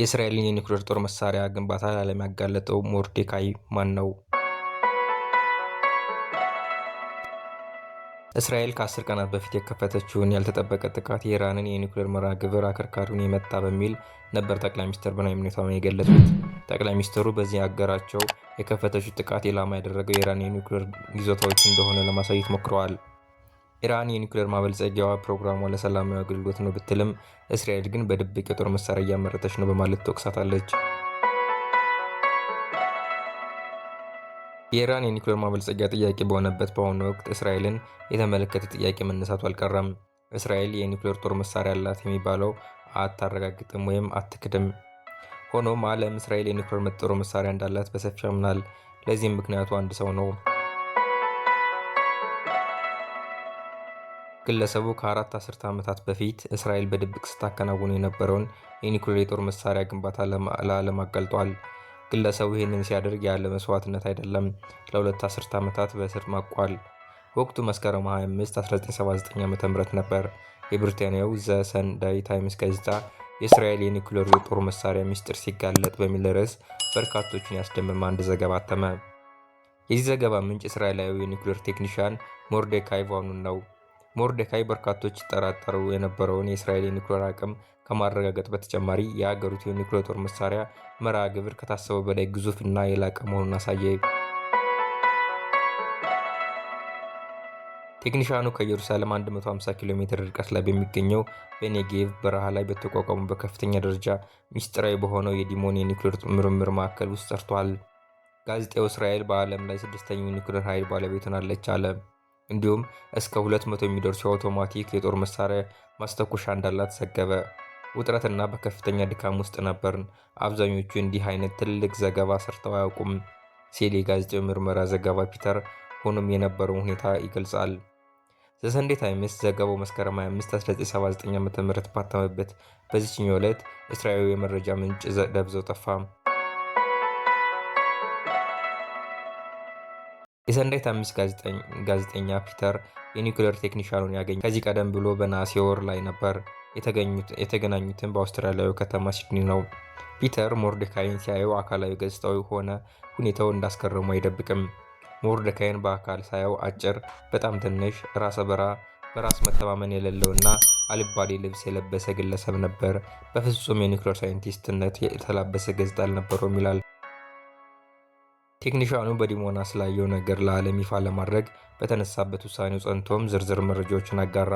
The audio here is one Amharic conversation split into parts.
የእስራኤልን የኒውክሌር ጦር መሳሪያ ግንባታ ላለሚያጋለጠው ሞርዴካይ ማን ነው? እስራኤል ከአስር ቀናት በፊት የከፈተችውን ያልተጠበቀ ጥቃት የኢራንን የኒውክሌር መርሃ ግብር አከርካሪውን የመጣ በሚል ነበር ጠቅላይ ሚኒስትር ቤንያሚን ኔታንያሁ የገለጹት። ጠቅላይ ሚኒስትሩ በዚህ አገራቸው የከፈተችው ጥቃት ኢላማ ያደረገው የኢራን የኒውክሌር ይዞታዎች እንደሆነ ለማሳየት ሞክረዋል። ኢራን የኒውክሌር ማበልጸጊያዋ ፕሮግራሟ ለሰላማዊ አገልግሎት ነው ብትልም እስራኤል ግን በድብቅ የጦር መሳሪያ እያመረተች ነው በማለት ተወቅሳታለች። የኢራን የኒውክሌር ማበልጸጊያ ጥያቄ በሆነበት በአሁኑ ወቅት እስራኤልን የተመለከተ ጥያቄ መነሳቱ አልቀረም። እስራኤል የኒውክሌር ጦር መሳሪያ አላት የሚባለው አታረጋግጥም ወይም አትክድም። ሆኖም ዓለም እስራኤል የኒውክሌር ጦር መሳሪያ እንዳላት በሰፊ ያምናል። ለዚህም ምክንያቱ አንድ ሰው ነው። ግለሰቡ ከአራት አስርተ ዓመታት በፊት እስራኤል በድብቅ ስታከናውኑ የነበረውን የኒኩሌር የጦር መሳሪያ ግንባታ ለዓለም አጋልጧል። ግለሰቡ ይህንን ሲያደርግ ያለ መስዋዕትነት አይደለም፣ ለሁለት አስርተ ዓመታት በእስር ማቋል። ወቅቱ መስከረም 25 1979 ዓ.ም ነበር። የብሪታንያው ዘ ሰንዳይ ታይምስ ጋዜጣ የእስራኤል የኒኩሌር የጦር መሳሪያ ሚስጥር ሲጋለጥ በሚል ርዕስ በርካቶችን ያስደመመ አንድ ዘገባ አተመ። የዚህ ዘገባ ምንጭ እስራኤላዊ የኒኩሌር ቴክኒሽያን ሞርዴካይ ቫኑን ነው። ሞርዴካይ በርካቶች ይጠራጠሩ የነበረውን የእስራኤል የኒውክሌር አቅም ከማረጋገጥ በተጨማሪ የአገሪቱ የኒውክሌር ጦር መሳሪያ መርሃ ግብር ከታሰበው በላይ ግዙፍ እና የላቀ መሆኑን አሳየ። ቴክኒሻኑ ከኢየሩሳሌም 150 ኪሎ ሜትር ርቀት ላይ በሚገኘው በኔጌቭ በረሃ ላይ በተቋቋሙ በከፍተኛ ደረጃ ሚስጥራዊ በሆነው የዲሞን የኒውክሌር ምርምር ማዕከል ውስጥ ሰርቷል። ጋዜጣው እስራኤል በዓለም ላይ ስድስተኛው ኒውክሌር ኃይል ባለቤት ሆናለች አለ። እንዲሁም እስከ 200 የሚደርሱ የአውቶማቲክ የጦር መሳሪያ ማስተኮሻ እንዳላት ዘገበ። ውጥረትና በከፍተኛ ድካም ውስጥ ነበርን። አብዛኞቹ እንዲህ አይነት ትልቅ ዘገባ ሰርተው አያውቁም ሲል የጋዜጣው ምርመራ ዘገባ ፒተር ሆኖም የነበረውን ሁኔታ ይገልጻል። ዘሰንዴ ታይምስ ዘገባው መስከረም 25 1979 ዓ ም ባተመበት በዚችኛው ዕለት እስራኤላዊ የመረጃ ምንጭ ደብዘው ጠፋ። የሰንዳይት አምስት ጋዜጠኛ ፒተር የኒውክሌር ቴክኒሻኑን ያገኘ ከዚህ ቀደም ብሎ በነሐሴ ወር ላይ ነበር። የተገናኙትን በአውስትራሊያዊ ከተማ ሲድኒ ነው። ፒተር ሞርዴካይን ሲያየው አካላዊ ገጽታው ሆነ ሁኔታው እንዳስገረሙ አይደብቅም። ሞርዴካይን በአካል ሳየው አጭር፣ በጣም ትንሽ፣ ራሰ በራ በራስ መተማመን የሌለውና አልባሌ ልብስ የለበሰ ግለሰብ ነበር። በፍጹም የኒውክሌር ሳይንቲስትነት የተላበሰ ገጽታ አልነበረውም ይላል ቴክኒሽያኑ በዲሞና ስላየው ነገር ለዓለም ይፋ ለማድረግ በተነሳበት ውሳኔው ጸንቶም ዝርዝር መረጃዎችን አጋራ።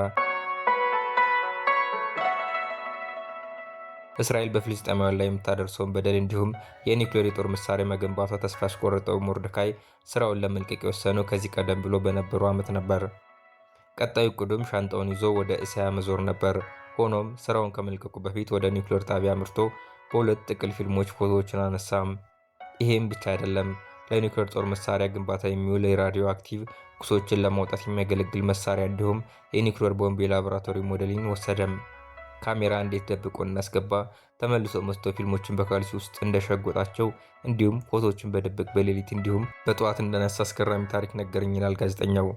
እስራኤል በፍልስጤማውያን ላይ የምታደርሰውን በደል እንዲሁም የኒውክሌር የጦር መሳሪያ መገንባቷ ተስፋ ያስቆረጠው ሞርድካይ ስራውን ለመልቀቅ የወሰነው ከዚህ ቀደም ብሎ በነበሩ ዓመት ነበር። ቀጣዩ ቅዱም ሻንጣውን ይዞ ወደ እስያ መዞር ነበር። ሆኖም ስራውን ከመልቀቁ በፊት ወደ ኒውክሌር ጣቢያ አምርቶ በሁለት ጥቅል ፊልሞች ፎቶዎችን አነሳም። ይሄም ብቻ አይደለም። ለኒውክሌር ጦር መሳሪያ ግንባታ የሚውል የራዲዮ አክቲቭ ቁሶችን ለማውጣት የሚያገለግል መሳሪያ እንዲሁም የኒውክሌር ቦምብ የላቦራቶሪ ሞዴሊን ወሰደም። ካሜራ እንዴት ደብቆ እናስገባ፣ ተመልሶ መስቶ ፊልሞችን በካልሲ ውስጥ እንደሸጎጣቸው፣ እንዲሁም ፎቶዎችን በድብቅ በሌሊት እንዲሁም በጠዋት እንደነሳ አስገራሚ ታሪክ ነገረኝ ይላል ጋዜጠኛው።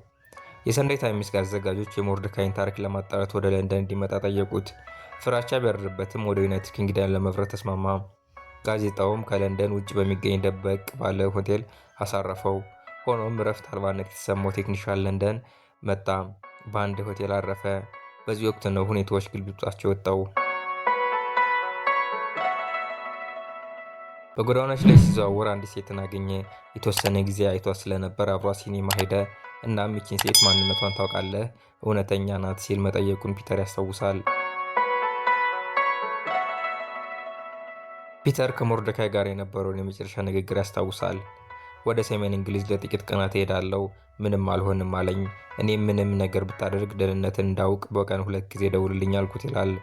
የሰንዳይ ታይምስ አዘጋጆች የሞርድካይን ታሪክ ለማጣራት ወደ ለንደን እንዲመጣ ጠየቁት። ፍራቻ ቢያደርበትም ወደ ዩናይትድ ኪንግደም ለመብረት ተስማማ። ጋዜጣውም ከለንደን ውጭ በሚገኝ ደበቅ ባለ ሆቴል አሳረፈው። ሆኖም እረፍት አልባነት የተሰማው ቴክኒሻን ለንደን መጣ። በአንድ ሆቴል አረፈ። በዚህ ወቅት ነው ሁኔታዎች ግልብጣቸው ወጣው። በጎዳናዎች ላይ ሲዘዋወር አንድ ሴትን አገኘ። የተወሰነ ጊዜ አይቷ ስለነበር አብሯ ሲኒ ሄደ። እናም ይችን ሴት ማንነቷን ታውቃለህ፣ እውነተኛ ናት ሲል መጠየቁን ፒተር ያስታውሳል። ፒተር ከሞርደካይ ጋር የነበረውን የመጨረሻ ንግግር ያስታውሳል። ወደ ሰሜን እንግሊዝ ለጥቂት ቀናት እሄዳለሁ። ምንም አልሆንም አለኝ። እኔ ምንም ነገር ብታደርግ ደህንነትን እንዳውቅ በቀን ሁለት ጊዜ ደውልልኝ አልኩት ይላል።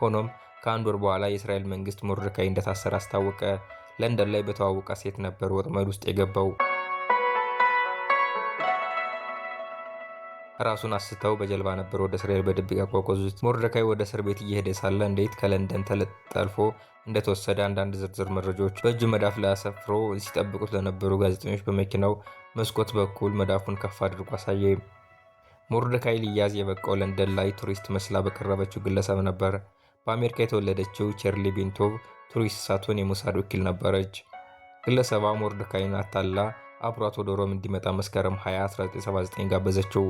ሆኖም ከአንድ ወር በኋላ የእስራኤል መንግስት ሞርደካይ እንደታሰረ አስታወቀ። ለንደን ላይ በተዋወቀ ሴት ነበር ወጥመድ ውስጥ የገባው። ራሱን አስተው በጀልባ ነበር ወደ እስራኤል በድብቅ ያጓጓዙት። ሞርደካይ ወደ እስር ቤት እየሄደ ሳለ እንዴት ከለንደን ተጠልፎ እንደተወሰደ አንዳንድ ዝርዝር መረጃዎች በእጁ መዳፍ ላይ አሰፍሮ ሲጠብቁት ለነበሩ ጋዜጠኞች በመኪናው መስኮት በኩል መዳፉን ከፍ አድርጎ አሳየ። ሞርደካይ ሊያዝ የበቃው ለንደን ላይ ቱሪስት መስላ በቀረበችው ግለሰብ ነበር። በአሜሪካ የተወለደችው ቼርሊ ቤንቶቭ ቱሪስት ሳትሆን የሞሳድ ወኪል ነበረች። ግለሰቧ ሞርደካይን አታላ አብሯት ወደ ሮም እንዲመጣ መስከረም 20 1979 ጋበዘችው።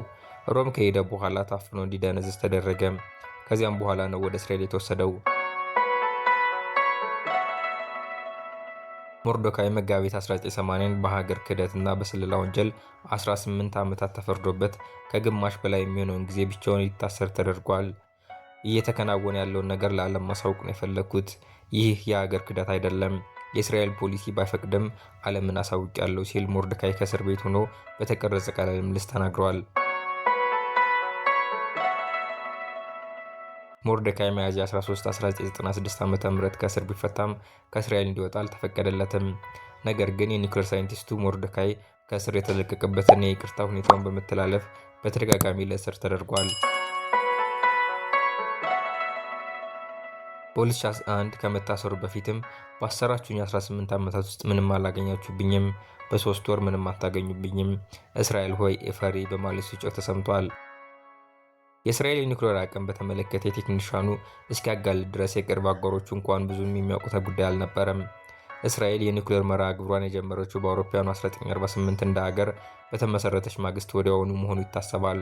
ሮም ከሄደ በኋላ ታፍኖ እንዲደነዝዝ ተደረገ። ከዚያም በኋላ ነው ወደ እስራኤል የተወሰደው። ሞርዶካይ መጋቢት 1980 በሀገር ክህደትና በስለላ ወንጀል 18 ዓመታት ተፈርዶበት ከግማሽ በላይ የሚሆነውን ጊዜ ብቻውን ሊታሰር ተደርጓል። እየተከናወነ ያለውን ነገር ለዓለም ማሳወቅ ነው የፈለግኩት። ይህ የሀገር ክህደት አይደለም፣ የእስራኤል ፖሊሲ ባይፈቅድም ዓለምን አሳውቅ ያለው ሲል ሞርዶካይ ከእስር ቤት ሆኖ በተቀረጸ ቃለ ምልልስ ተናግሯል። ሞርደካይ ሚያዝያ 13 1996 ዓ ም ከእስር ቢፈታም ከእስራኤል እንዲወጣ አልተፈቀደለትም። ነገር ግን የኒውክሌር ሳይንቲስቱ ሞርደካይ ከእስር የተለቀቀበትን የይቅርታ ሁኔታውን በመተላለፍ በተደጋጋሚ ለእስር ተደርጓል። በ2011 ከመታሰሩ በፊትም በአሰራችሁኝ 18 ዓመታት ውስጥ ምንም አላገኛችሁብኝም፣ በሶስት ወር ምንም አታገኙብኝም፣ እስራኤል ሆይ እፈሪ በማለት ሲጮህ ተሰምቷል። የእስራኤል የኒውክሌር አቅም በተመለከተ የቴክኒሻኑ እስኪያጋልጥ ድረስ የቅርብ አጋሮቹ እንኳን ብዙም የሚያውቁት ጉዳይ አልነበረም። እስራኤል የኒውክሌር መርሃ ግብሯን የጀመረችው በአውሮፓውያኑ 1948 እንደ ሀገር በተመሰረተች ማግስት ወዲያውኑ መሆኑ ይታሰባል።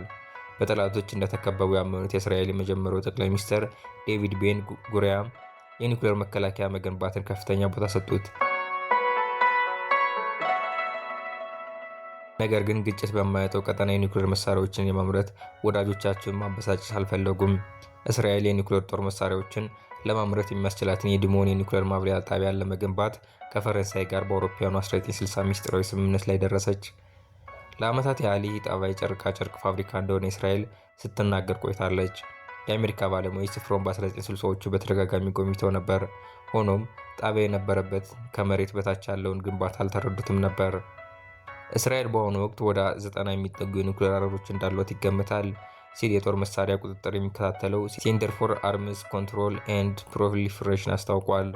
በጠላቶች እንደተከበቡ ያመኑት የእስራኤል የመጀመሪያው ጠቅላይ ሚኒስትር ዴቪድ ቤን ጉሪያ የኒውክሌር መከላከያ መገንባትን ከፍተኛ ቦታ ሰጡት። ነገር ግን ግጭት በማያጠው ቀጠና የኒውክሌር መሳሪያዎችን የማምረት ወዳጆቻቸውን ማበሳጨት አልፈለጉም። እስራኤል የኒውክሌር ጦር መሳሪያዎችን ለማምረት የሚያስችላትን የዲሞን የኒውክሌር ማብሪያ ጣቢያን ለመገንባት ከፈረንሳይ ጋር በአውሮፓውያኑ 1960 ሚስጥራዊ ስምምነት ላይ ደረሰች። ለዓመታት ያህል ይህ ጣቢያ የጨርቃ ጨርቅ ፋብሪካ እንደሆነ እስራኤል ስትናገር ቆይታለች። የአሜሪካ ባለሙያ ስፍራውን በ1960ዎቹ በተደጋጋሚ ጎብኝተው ነበር። ሆኖም ጣቢያ የነበረበት ከመሬት በታች ያለውን ግንባታ አልተረዱትም ነበር። እስራኤል በአሁኑ ወቅት ወደ ዘጠና የሚጠጉ የኒውክሌር አረሮች እንዳሏት ይገምታል ሲል የጦር መሳሪያ ቁጥጥር የሚከታተለው ሴንተር ፎር አርምስ ኮንትሮል ኤንድ ፕሮሊፍሬሽን አስታውቋል።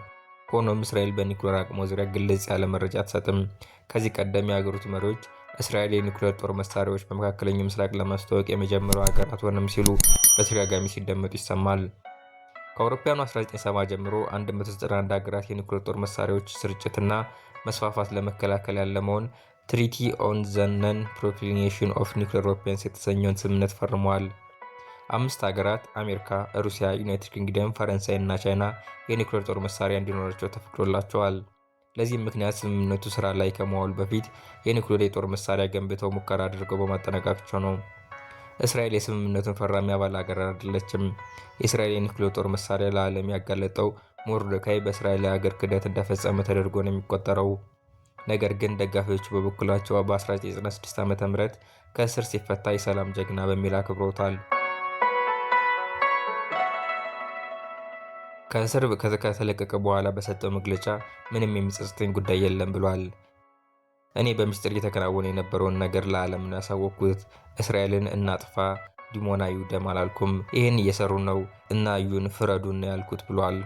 ሆኖም እስራኤል በኒውክሌር አቅሞ ዙሪያ ግልጽ ያለ መረጃ አትሰጥም። ከዚህ ቀደም የሀገሪቱ መሪዎች እስራኤል የኒውክሌር ጦር መሳሪያዎች በመካከለኛው ምስራቅ ለማስተዋወቅ የመጀመሪያው ሀገር አትሆንም ሲሉ በተደጋጋሚ ሲደመጡ ይሰማል። ከአውሮፓውያኑ 1970 ጀምሮ 191 ሀገራት የኒውክሌር ጦር መሳሪያዎች ስርጭትና መስፋፋት ለመከላከል ያለመሆን ትሪቲ ኦን ዘ ነን ፕሮክሊኔሽን ኦፍ ኒውክሌር ዌፐንስ የተሰኘውን ስምምነት ፈርመዋል። አምስት ሀገራት አሜሪካ፣ ሩሲያ፣ ዩናይትድ ኪንግደም፣ ፈረንሳይ እና ቻይና የኒውክሌር ጦር መሳሪያ እንዲኖራቸው ተፈቅዶላቸዋል። ለዚህም ምክንያት ስምምነቱ ስራ ላይ ከመዋሉ በፊት የኒውክሌር የጦር መሳሪያ ገንብተው ሙከራ አድርገው በማጠናቀቃቸው ነው። እስራኤል የስምምነቱን ፈራሚ አባል ሀገር አይደለችም። የእስራኤል የኒውክሌር ጦር መሳሪያ ለዓለም ያጋለጠው ሞርዶካይ በእስራኤል የሀገር ክህደት እንደፈጸመ ተደርጎ ነው የሚቆጠረው። ነገር ግን ደጋፊዎቹ በበኩላቸው በ1996 ዓ ም ከእስር ሲፈታ የሰላም ጀግና በሚል አክብሮታል። ከእስር ከተለቀቀ በኋላ በሰጠው መግለጫ ምንም የሚጸጽተኝ ጉዳይ የለም ብሏል። እኔ በምስጢር እየተከናወነ የነበረውን ነገር ለዓለም ነው ያሳወቅኩት። እስራኤልን እናጥፋ ዲሞናዩ ደም አላልኩም። ይህን እየሰሩ ነው እና ዩን ፍረዱን ያልኩት ብሏል።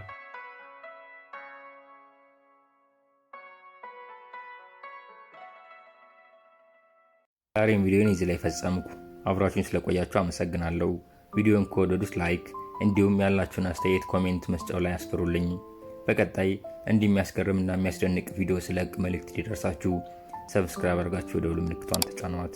ዛሬም ቪዲዮን እዚህ ላይ ፈጸምኩ። አብራችሁን ስለቆያችሁ አመሰግናለሁ። ቪዲዮን ከወደዱት ላይክ፣ እንዲሁም ያላችሁን አስተያየት ኮሜንት መስጫው ላይ አስፍሩልኝ። በቀጣይ እንዲህ የሚያስገርም እና የሚያስደንቅ ቪዲዮ ስለቅ መልእክት ሊደርሳችሁ ሰብስክራይብ አድርጋችሁ የደውል ምልክቷን ተጫኗት።